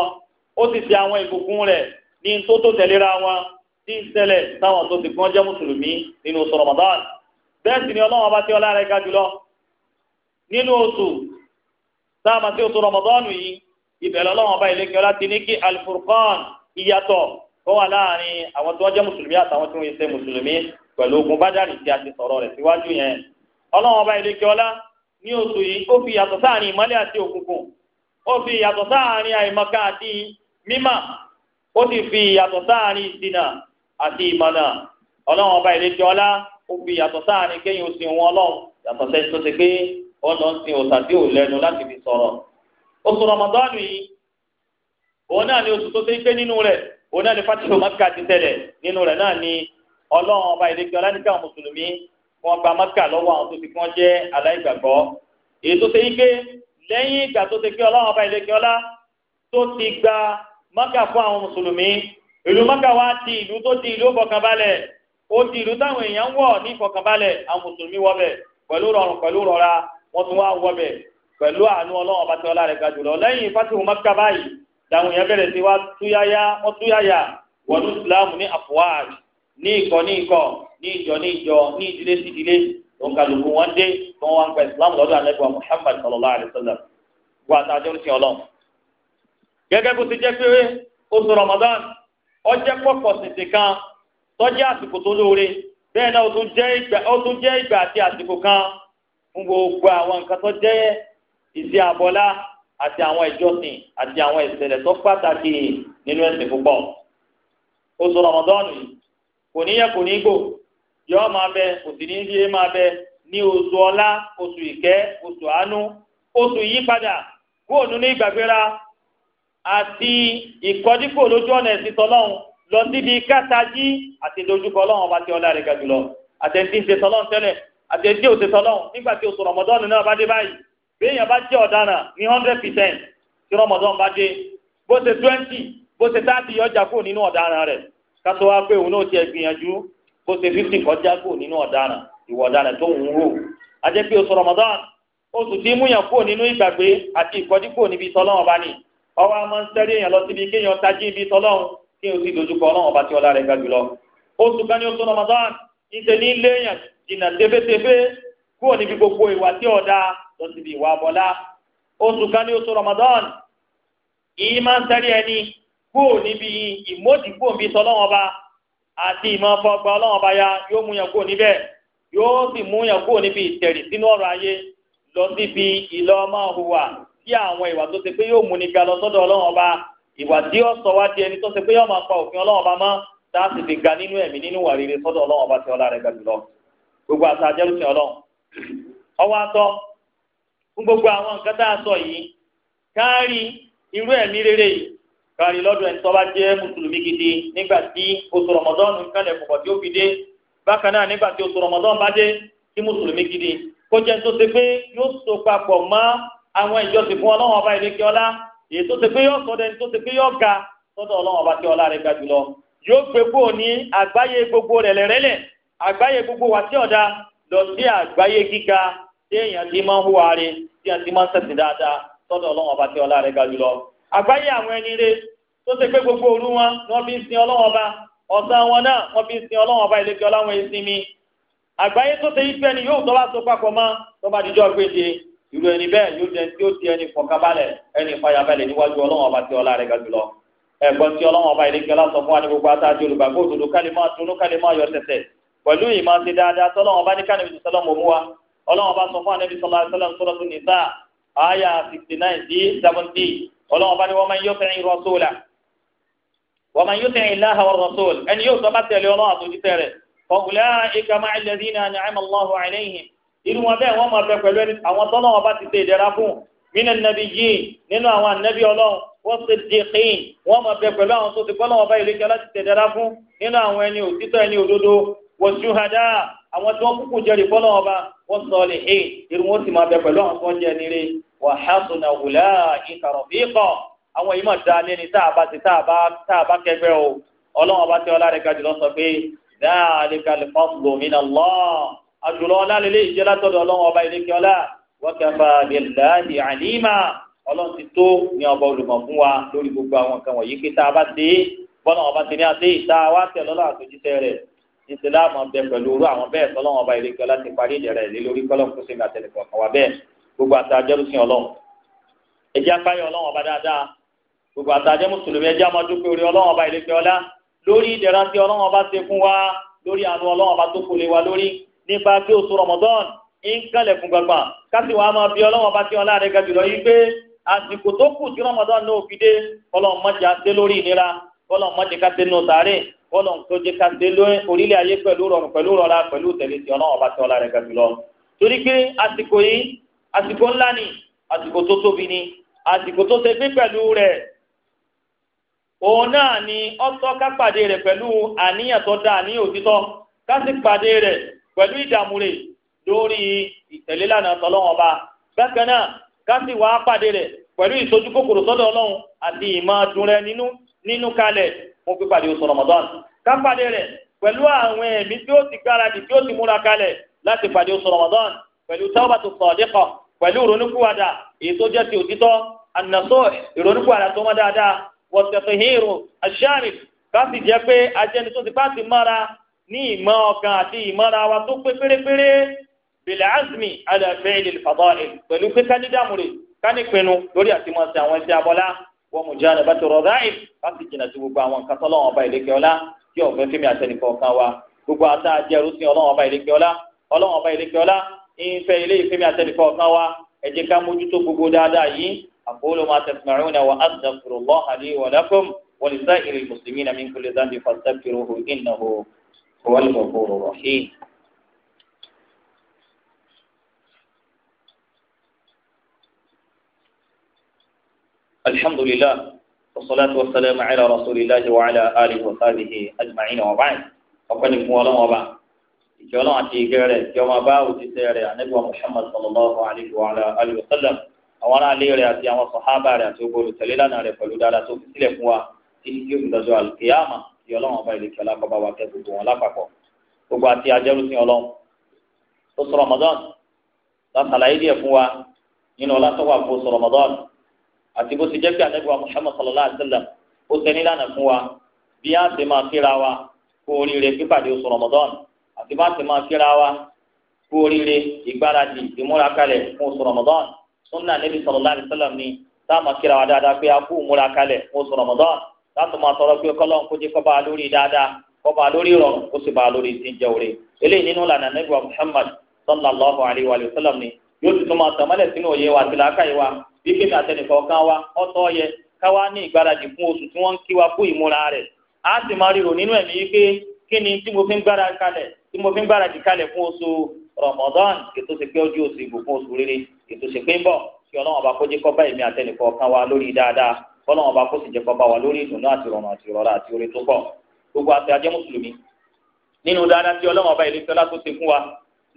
ó sì ti àwọn ìbùkún rẹ̀ ní tó tẹ̀léra wọn tí ń ṣẹlẹ̀ táwọn tó ti gbọ́n jẹ́ mùsùlùmí nínú oṣù Ramadan bẹ́ẹ̀ sì ni Ọlọ́run bá tí ọlá rẹ̀ ga jùlọ nínú oṣù sáàmà tí o tó rọmọdọ́nù yìí ìbẹ̀rẹ̀ ọlọ́run ọba ìlẹ́kẹ́ ọlá ti ní kí alifurkan ìyàtọ̀ ó wà láàrin àwọn tí wọ́n jẹ́ mùsùlùmí àtàwọn tí wọ́n ṣe mùsùlùmí pẹ̀lú ogun bádàrí tí a ti sọ̀rọ̀ rẹ̀ síwájú yẹn ọlọ́run ọba ìlẹ́kẹ́ ọlá ní oṣù yìí ó fi ìyàtọ̀ sáàrin ìmọ́lẹ̀ àti òkùnkùn ó fi ìyàtọ̀ sáàrin àìmọ̀ká àti mímọ̀ ó sì fi ìyàtọ̀ sáàrin ìṣìnà àti ìmọ̀nà ọlọ́run ọba ìlẹ́kẹ́ ọlá ó fi ìyàtọ̀ sáàrin kéyìn oṣù wọn ọlọ́run yàtọ̀ sẹ́ni tó ti pé ọ̀nà ń sin òòsà tí ò lẹ́nu láti fi sọ̀rọ̀ oṣù rọmọdọ́ọ̀nù yìí òun náà ni oṣù tó ṣe ń gbé nínú rẹ̀ òun náà ni fatihu maka ti tẹ̀lẹ̀ nínú rẹ̀ náà ni ọlọ́run ọba ìlẹ́gbẹ́ ọlánìkà mùsùlùmí wọn gba maka lọ́wọ́ àwọn tó ti kí wọ́n jẹ́ aláìgbàgbọ́ èyí tó ṣe ń gbé lẹ́yìn ìgbà tó ṣe pé ọlọ́run ọba ìlẹ́gbẹ́ ọlá tó ti gba maka fún àwọn mùsùlùmí ìlú maka wa ti ìlú tó di ìlú fọkànbalẹ̀ ó di ìlú táwọn èèyàn wọ̀ ní fọkànbalẹ̀ àwọn mùsùlùmí wọ̀ bẹ̀ pẹ̀lú rọrùn pẹ̀lú rọra wọ́n tún wá wọbẹ̀ pẹ̀lú àánú ọba ọlá ga jùlọ lẹ́yìn fatihu maka báyìí làwọn èèyàn bẹ̀rẹ̀ sí wọnú islam ní afuwaaj ní ikọ ní ikọ ní ìjọ ní ìjọ ní ìdílé sí ìdílé tó ń wọn dé tó muhammad sallallahu alayhi wa sallam wà á tàjọ́ sí ọlọ́run. gẹ́gẹ́ bó ti jẹ́ pé oṣù ramadan kan fún gbogbo àwọn nǹkan tó jẹ́ iṣẹ́ àbọ̀lá àti àwọn ìjọsìn àti àwọn ìṣẹ̀lẹ̀ tó pàtàkì nínú ẹ̀sìn púpọ̀. oṣù rọmọdọ́ọ̀nù yìí kò ní yẹ kò ní gbò yọ máa bẹ kò sì ní yé máa bẹ ní oṣù ọlá oṣù ìkẹ́ oṣù àánú oṣù ìyípadà kúònù ní ìgbàgbéra àti ìkọdíkò lójú ọ̀nà ẹ̀sìn tọ́lọ́hún lọ síbi kátají àti lójúkọ ọlọ́run ọba tí ọlá rẹ̀ ga jùlọ àtẹ̀ntì tẹ́lẹ̀ àti ẹjẹ́ òṣèṣọ́ lọ́hùn nígbà tí oṣù rọmọdọ́ọ̀nù náà bá dé báyìí bí èèyàn bá jẹ́ ọ̀daràn ní hundred percent tí rọmọdọ́ọ̀nù bá dé bó ṣe twenty bó ṣe thirty yọjà kúrò nínú ọ̀daràn rẹ̀ kátó wá pé òun náà ti ẹ̀ gbìyànjú bó ṣe fifty kọjá kúrò nínú ọ̀daràn ìwà ọ̀daràn tó ń rò àti pé oṣù rọmọdọ́ọ̀nù oṣù tí múyàn kúrò nínú ìgbàgbé àti ìkọjú kúrò níbi ìtọ́lọ́wọ́n bá ní ọwọ́ a máa ń sẹ́rí èèyàn lọ síbi kéèyàn tají ibi ìtọ́lọ́wọ́n kí o sì dojúkọ ọlọ́wọ́n bá ti ọlá rẹ̀ ga jùlọ oṣù kan ní oṣù rọmọdọ́ọ̀nù ìṣẹ̀lẹ̀ ilé èèyàn jìnnà tébétébé kúrò níbi gbogbo ìwà tí ọ̀dà lọ síbi ìwà àbọ̀lá oṣù kan ní oṣù Ramadan ìyí máa ń sẹ́rí ẹni kúrò níbi ìmọ̀dì kúrò níbi ba àti ìmọ̀ ọgbà ọlọ́wọ́n ba ya yóò mú yàn kúrò níbẹ̀ yóò sì mú yàn kúrò níbi ìtẹ̀rì sínú ọ̀rọ̀ ayé lọ síbi ìlọ máa hùwà àwọn ìwà tó ṣe pé yóò mú ni ga lọ sọ́dọ̀ ọlọ́wọ́n ba ìwà tí ó sọ wá di ẹni tó ṣe pé yóò máa pa òfin ọlọ́wọ́n ba mọ́ tá a sì fi ga nínú ẹ̀mí nínú wà rere sọ́dọ̀ ọlọ́wọ́n ba ti ọlá rẹ̀ ga gbogbo àti àjẹrùsí ọlọ́run ọwọ́ atọ́ fún gbogbo àwọn nǹkan tá a sọ yìí kárí irú ẹ̀mí rere yìí kárí lọ́dọ̀ ẹni tó bá jẹ́ mùsùlùmí gidi nígbà tí oṣù rọmọdọ́ọ̀nù kálẹ̀ kọ̀kọ̀ tí ó fi dé bákan náà nígbà tí oṣù rọmọdọ́ọ̀nù bá dé tí mùsùlùmí gidi kó jẹ́ tó ṣe pé yóò so papọ̀ mọ́ àwọn ìjọsìn fún ọlọ́run ọba ìlẹ́kẹ ọlá èyí tó ṣe pé yóò sọ dẹni tó ṣe pé yóò ga sọ́dọ̀ ọlọ́run ọba tí ọlá rẹ̀ ga jùlọ yóò gbé kúrò ní àgbáyé gbogbo rẹ̀ lẹ́rẹ́lẹ̀ àgbáyé gbogbo wa tí ọ̀dà lọ sí àgbáyé gíga tí èèyàn ti máa ń hùwà rẹ̀ tí èèyàn ti máa ń ṣẹ̀sìn dáadáa sọ́dọ̀ ọlọ́run ọba tí ọlá rẹ̀ ga jùlọ. àgbáyé àwọn ẹni rẹ̀ tó ṣe pé gbogbo òru wọn ni wọ́n fi ń sin ọlọ́run ọba ọ̀sán wọn náà wọ́n fi ń sin ọlọ́run ọba ìlẹ́kẹ́ ọláwọn ìsinmi. àgbáyé tó ṣe ìfẹ́ ni yóò tọ́wá so papọ̀ mọ́ tọ́ba díjọ́ gbèdé irú ẹni bẹ́ẹ̀ yóò jẹ́ tí ó ọba tí sọ fún wa ní gbogbo atájú olùgbàgbọ́ òdodo kálí máa dunú kálí máa yọ tẹ̀tẹ̀ pẹ̀lú ìmọ̀ ti dáadáa tọ́lọ́wọ́n bá ní ká nàbì sọ́lọ́mù mú wa ọlọ́wọ́n bá sọ fún ànábì sọ́lá sọ́lá sọ́lá tó ní sáà àyà sixty nine dé seventy ọlọ́wọ́n bá ní wọ́n máa ń yọ fẹ́yìn rọ́sọ́ọ̀là wọ́n máa ń yọ fẹ́yìn láhà wọ́n rọ́sọ́ọ̀là ẹni yóò sọ bá tẹ̀lé ọlọ́wọ́n àtòjútẹ̀ rẹ̀ fọ̀gùlẹ́ ìkàmá ìlẹ́dínà ní àmàlọ́hù àìlẹ́yìn irú wọn bẹ́ẹ̀ wọ́n máa bẹ pẹ̀lú àwọn tọ́lọ́wọ́n bá ti ṣe ìdẹ́ra fún nínú nàbí yìí nínú àwọn ànábì ọlọ́run wọ́n ti di wọ́n máa bẹ pẹ̀lú àwọn tó ti gbọ́lọ́wọ́n bá ìlẹ́kẹ́ láti ṣe ìdẹ́ra fún nínú àwọn ẹni òtítọ́ ẹni òdodo wọ̀ṣúhadá àwọn tí wọ́n kúkú jẹ́rìí fọ́lọ́ ọba wọ́n sọ lè hẹ́ irun wọn sì máa bẹ pẹ̀lú àwọn tó ń jẹ nílé wùlá ìkàrọ̀ fíkọ̀ àwọn yìí máa lẹ́ni tá a bá ti tá a bá o ọlọ́run ọba tí ọlá rẹ̀ ga jùlọ sọ pé dáàlíkà lè fọ́n lò mí lọ́ àjùlọ ọlá lè lè jẹ́ látọ̀dọ̀ ọlọ́run ọba ilé kíọ́lá wọ́kẹ́fà billahi àlímà ọlọ́run nítorí àwọn ọbẹ̀ pẹ̀lú orú àwọn bẹ́ẹ̀ tọ́lọ́wọ́n ọba ìrèké láti parí ìdẹ̀rẹ̀ lé lórí kọ́lọ́m kó sèmi àtẹnìkọ̀ kan wà bẹ́ẹ̀ gbogbo àtàjọ́ lùsìn ọlọ́run ẹ̀jẹ̀ apáyọ̀ ọlọ́run ọba dáadáa gbogbo àtàjọ́ mùsùlùmí ẹ̀jẹ̀ amadu orí ọlọ́run ọba ìrèké ọlá lórí ìdẹ̀ra tí ọlọ́run ọba ṣe fún wa lórí àánú ọlọ́run ọba tó kò lè wa lórí nípa pé oṣù Ramadan ń kalẹ̀ fún gbàgbà kásì wàá máa bí ọlọ́run ọba tí Ramadan náà fi dé ọlọ́run mọ̀jà dé lórí ìnira ọlọ́run mọ̀jà ká kọlọ̀ tó jẹ́ ká dé orílẹ̀ ayé pẹ̀lú rọrùn pẹ̀lú rọra pẹ̀lú tẹ̀lé ti ọlọ́run ọba tí ọlá rẹ̀ gàdú lọ. torí pé àsìkò yìí àsìkò ńlá ni àsìkò tó tóbi ni àsìkò tó ṣe pé pẹ̀lú rẹ̀ òun náà ni ọtọ́ ká pàdé rẹ̀ pẹ̀lú àníyàn tó dáa ní òtítọ́ ká sì pàdé rẹ̀ pẹ̀lú ìdààmú rẹ̀ lórí ìtẹ̀lélànà tọ́lọ́wọ́n ọba bákan náà ká sì wá pàdé fún pípàdé oṣù Ramadan ká pàdé rẹ̀ pẹ̀lú àwọn ẹ̀mí tí ó ti gbáradì tí ó ti múra kalẹ̀ láti pàdé oṣù Ramadan pẹ̀lú tawbatu sadiqa pẹ̀lú ìrònúkúwàdà èyí tó jẹ́ ti òtítọ́ ànàsó ìrònúkúwàdà tó mọ́ dáadáa wọ̀tẹ̀fẹ̀hìnrù àṣàrì káàsì jẹ́ pé ajẹ́ni tó ti pàṣẹ mọ́ra ní ìmọ̀ ọkàn àti ìmọ̀ra wa tó pé pérépéré bìlẹ̀ azmi alẹ́ fẹ́ẹ́ lè fàbọ̀ pẹ̀lú pé kánídàmù rẹ̀ lórí àtìmọ̀sí àwọn ẹ̀sẹ̀ abọ́lá wọ́n mú jáde bá ti rọ̀dá ì láti jìnnà sí gbogbo àwọn nǹkan tọ́lọ́wọ́n ọba ìlẹ́kẹ́ ọlá tí ọ̀fẹ́ fẹ́mi àtẹnìkọ̀ kan wa gbogbo ata jẹ́rú sí ọlọ́wọ́n ọba ìlẹ́kẹ́ ọlá ọlọ́wọ́n ọba ìlẹ́kẹ́ ọlá ìfẹ́ ilé ìfẹ́mi àtẹnìkọ̀ kan wa ẹ jẹ́ ká mójútó gbogbo dáadáa yìí aqulu ma tasma'una wa astaghfirullaha li wa lakum wa lisa'iril muslimina الحمد لله والصلاة والسلام على رسول الله وعلى آله وصحبه أجمعين وبعد فقد مولا وبعد ìjọlọ́wọ́n àti ìgẹ́ rẹ̀ kí ọmọ bá òjíṣẹ́ rẹ̀ ànágbà Muhammad sallallahu alayhi wa alayhi wa sallam àwọn aráàlú rẹ̀ àti àwọn sọ̀hábà rẹ̀ àti ogbó olùtẹ̀lé lánàá rẹ̀ pẹ̀lú dáadáa tó fi sílẹ̀ fún wa títí tí yóò dọ̀jọ́ àlùkìyàmà kí ọlọ́wọ́n bá ilé kí ọlákọ̀ọ́bá wa kẹ́ gbogbo wọn lápapọ̀ gbogbo àti ajẹ́rùsìn ọlọ́run tó sọ Ramadan látàlàyé díẹ̀ fún wa nínú ọlá tó wà fún sọ Ramadan àti bó ti jẹ́ pé ànábì wa Muhammad sallallahu alayhi wa sallam ó sẹ́ni lánàá fún wa bí a ti máa kíra wa kú oríire pípàdé oṣù Ramadan àti bá ti máa kíra wa kú oríire ìgbáradì ìmúrakalẹ̀ fún oṣù Ramadan sunna ànábì sallallahu alayhi wa sallam ni tá a máa kíra wa dáadáa pé a kú ìmúrakalẹ̀ fún oṣù Ramadan láti máa tọrọ pé kọ́lọ́n kó jẹ́ kó bá a lórí dáadáa kó bá a lórí rọrùn kó sì bá wípé tàtẹnìkọ̀ kan wa ọ̀tọ̀ yẹ káwa ní ìgbáradì fún oṣù tí wọ́n ń kí wa fún ìmúra rẹ̀ á sì máa ríro nínú ẹ̀mí wípé kí ni tí mo fi ń gbára kalẹ̀ tí mo fi ń gbáradì kalẹ̀ fún oṣù Ramadan ètò ṣe pé ojú oṣù ìbò fún oṣù rere ètò ṣe pé ń bọ̀ kí Ọlọ́run ọba kó jẹ́ kó bá èmi àtẹnìkọ̀ kan wa lórí dáadáa Ọlọ́run ọba kó sì jẹ́ kó bá wa lórí ìdùnnú àti ìrọ̀rùn àti ìrọ̀rà àti orin tó pọ̀ gbogbo àti ajẹ́ mùsùlùmí nínú dáadáa tí Ọlọ́run ọba ìlú sọlá tó ṣe fún wa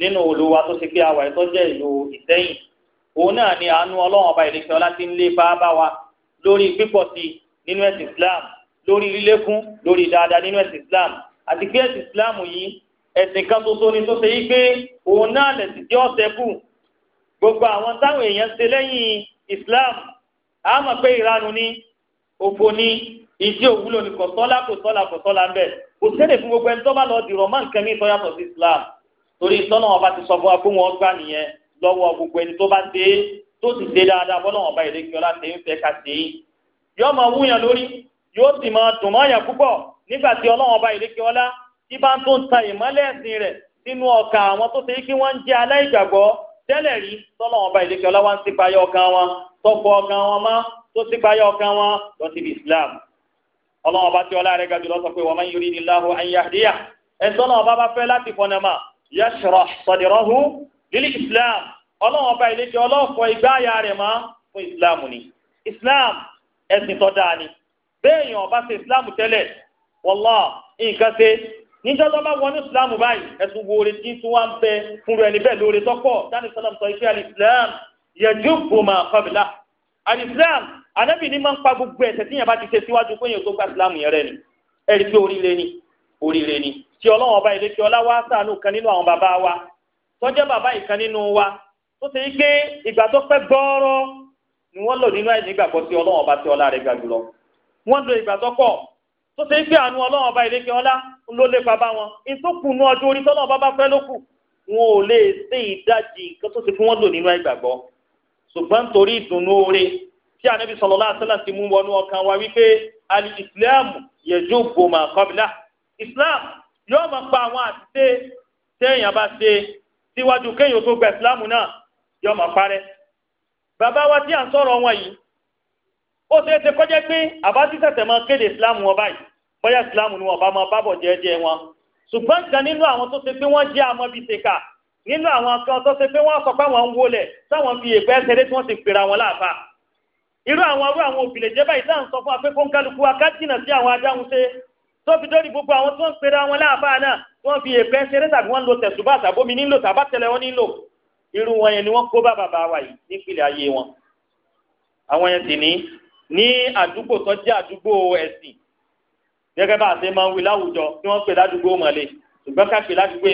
nínú olùwa tó ṣe pé àwà tó jẹ́ ìlú Ìsẹ́yìn òun náà ni àánú ọlọ́run ọba ìlẹ́kẹ́ ọlá ti ń lé bá wa lórí pípọ̀ sí nínú ẹ̀sìn islam lórí lílékún lórí dáadáa nínú ẹ̀sìn islam àti pé ẹ̀sìn islam yìí ẹ̀sìn kan tó tóni tó ṣe yí pé òun náà lẹ̀sìn tí ó ṣẹ́kù gbogbo àwọn táwọn èèyàn ṣe lẹ́yìn islam a mọ̀ pé ìranu ni òfò ni ìdí òwúlò ni kò sọ́lá kò sọ́lá kò sọ́lá ń bẹ̀ kò sẹ́lẹ̀ fún gbogbo ẹni tó bá lọ dìrọ̀ mọ́ nǹkan ní ìtọ́yàtọ̀ sí islam torí ìtọ́nà ọba ti sọ fún wa pé wọ́n gbà nìyẹn lọ́wọ́ gbogbo ẹni tó bá ṣe é tó sì ṣe dáadáa bọ́lá wọn bá ilé kí ọlá ṣe ń fẹ́ ká ṣe é yóò máa wúyàn lórí yóò sì máa dùn mọ́ yàn púpọ̀ nígbà tí ọlọ́wọ́n bá ilé kí ọlá tí bá ń tó ń ta ìmọ́lẹ̀ ẹ̀sìn rẹ̀ sínú ọkàn àwọn tó ṣe kí wọ́n ń jẹ́ aláìgbàgbọ́ tẹ́lẹ̀ rí tọ́lọ́wọ́n bá ilé kí ọlá wá ń lílí islam ọlọ́run ọba ìlẹ́jọ́ ọlọ́fọ̀ ìgbà àyà rẹ̀ mọ́ fún islam ni islam ẹ̀sìn tó dáa ni béèyàn ọba ṣe islam tẹ́lẹ̀ wọ́lá nǹkan ṣe níjọ́ tó bá wọnú islam báyìí ẹ̀sùn wo oore tí tún wá ń bẹ fúnra ẹni bẹ́ẹ̀ lóore tọ́pọ̀ dání sọ́lá sọ iṣẹ́ alìsílám yẹjú bùnmọ̀ kọ́bìlá alìsílám anábì ní máa ń pa gbogbo ẹ̀ṣẹ̀ tí yẹn bá ti ṣe síwájú pé yẹn tó gba islam yẹn rẹ ni ẹ̀rí pé oríire ni oríire ni tí ọlọ́run ọba ìlẹ́kẹ́ ọlá wá ṣàánú kan nínú àwọn bàbá wa tọ́jọ́ bàbá ìkan nínú wa tó ṣe yí pé ìgbà tó pẹ́ gbọ́ọ́rọ́ ni wọ́n lò nínú àìní ìgbàgbọ́ sí ọlọ́run ọba tí ọlá rẹ̀ ga jùlọ wọ́n lo ìgbà tó pọ̀ tó ṣe yí pé àánú ọlọ́run ọba ìlékè ọlá ló lé bàbá wọn ìtòkù nu ọjọ́ orí tọ́lọ́run bàbá fẹ́ ló kù wọn ò lè ṣe ìdajì nǹkan tó ṣe fún wọn lò nínú àìgbàgbọ́ ṣùgbọ́n torí ìdùnnú oore tí ànábì sallallahu alaihi ti mú wọnú ọkàn wa wípé àlì ìsìláàmù yajubbu ma qabla ìsìláàmù yóò máa pa àwọn àtìsé téèyàn bá ṣe síwájú kéèyàn tó gba ìsìláàmù náà yọ máa parẹ́ bàbá wa tí à ń sọ̀rọ̀ wọn yìí ó ṣeé ṣe kọjá pé àbá tí tẹ̀tẹ̀ máa kéde ìsìláàmù wọn báyìí bóyá ìsìláàmù ni wọn bá máa bábọ̀ jẹ́ẹ́jẹ́ wọn ṣùgbọ́n kan nínú àwọn tó ṣe pé wọ́n jẹ́ amọ̀bìtẹ̀kà nínú àwọn kan tó ṣe pé wọ́n sọ pé àwọn ń wọlé táwọn fi èpẹ́ ṣeré tí wọ́n ti pèrè àwọn láàfà irú àwọn arú àwọn òbílẹ̀ jẹ́ báyìí táwọn sọ fún wa pé kó ń kálukú wa ká jìnnà sí àwọn adáhunṣe tó fi dórí gbogbo àwọn tó ń pera wọn láàbá náà wọ́n fi èèpẹ̀ ṣeré tàbí wọ́n ń lo tẹ̀sùbá àtàbómi nílò tàbá tẹ̀lé wọn nílò irú wọn yẹn ni wọ́n kó bá bàbá wa yìí nípìnlẹ̀ ayé wọn. àwọn yẹn sì ní ní àdúgbò tó jẹ́ àdúgbò ẹ̀sìn gẹ́gẹ́ bá a ṣe máa ń wí láwùjọ tí wọ́n pè ládùúgbò mọ̀lẹ́ ṣùgbọ́n káàkiri ládùúgbò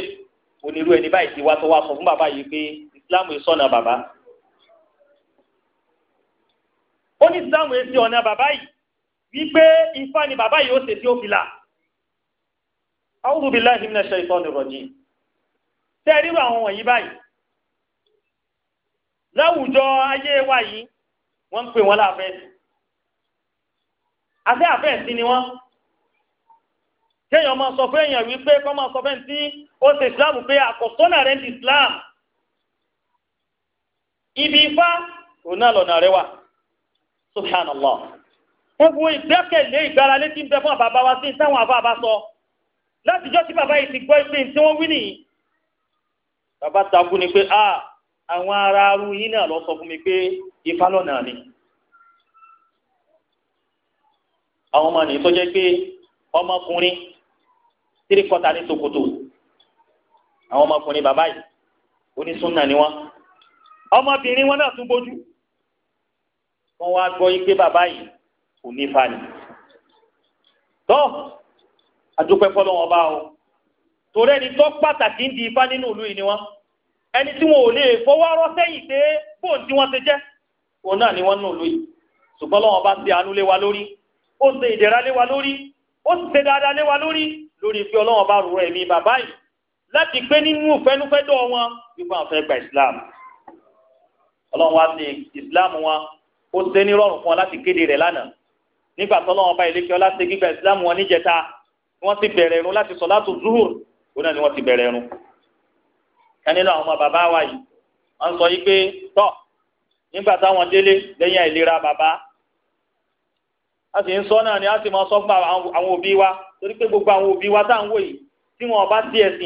onírú ẹni báyìí ti wá tó wá sọ fún bàbá yìí pé Islam yìí sọ̀nà bàbá. ó ní Islam yìí sí ọ̀nà bàbá yìí wípé ifá ni bàbá yìí ó ṣe tí ó fi là a'udhu billahi minash shaitani rajim tẹ́ ẹ ríru àwọn wọ̀nyí báyìí láwùjọ ayé wa yìí wọ́n ń pè wọ́n láàfẹ́sì àti àfẹ́sì ni wọ́n kéèyàn máa sọ fún èèyàn wípé kọ́ máa sọ fún tí ó ṣe islam pé àkọ́sọ́nà rẹ̀ ń di islam ibi ifá òun náà lọ́nà rẹ̀ wà subhanallah ẹ wo ìgbẹ́kẹ̀lé ìgbára létí ń bẹ fún àbàbá wa sí táwọn àbá sọ. So látijọ́ tí bàbá yìí ti gbọ́ pé tí wọ́n wí nìyí bàbá takú ni pé a àwọn ará arú yín náà lọ sọ fún mi pé ifá lọ́nà ni àwọn ọmọ nìyí tó jẹ́ pé ọmọkùnrin tirikọta ní sokoto àwọn ọmọkùnrin bàbá yìí onísúnà ni wọn ọmọbìnrin wọn náà tún bójú wọn wá gbọ́ yí pé bàbá yìí kò ní ni adúpẹ́ fọlọ́wọ́n bá o torí ẹni tó pàtàkì ń di ifá nínú ìlú yìí ni wọ́n ẹni tí wọn ò lè fọwọ́ rọ́ sẹ́yìn pé bóun tí wọ́n ti jẹ́ òun náà ni wọ́n nù lóyè ṣùgbọ́n lọ́wọ́n bá ṣe àánú lé wa lórí ó ṣe ìdẹ̀ra lé wa lórí ó sì ṣe dáadáa lé wa lórí lórí pé ọlọ́wọ́n bá rọ ẹ̀mí bàbá yìí láti gbé nínú fẹnufẹ́dọ̀ wọn wípé àwọn fẹ́ gba Islam ọlọ́wọ́n wá ṣe Islam wọn ó ṣe nírọ̀rùn fún wọn láti kéde rẹ̀ lánàá nígbà tọ́lọ́wọ́n bá ilé kí ọlá ṣe gbígba Islam wọn níjẹta wọ́n ti bẹ̀rẹ̀ irun láti sọ láti zuhur òun náà ni wọ́n ti bẹ̀rẹ̀ irun ẹni náà àwọn ọmọ bàbá wa yìí wọ́n sọ yìí pé tọ́ nígbà táwọn délé lẹ́yìn àìlera bàbá a sì ń sọ náà ni a sì máa sọ fún àwọn òbí wa torí pé gbogbo àwọn òbí wa tá à ń wò yìí tí wọn bá tiẹ̀ sí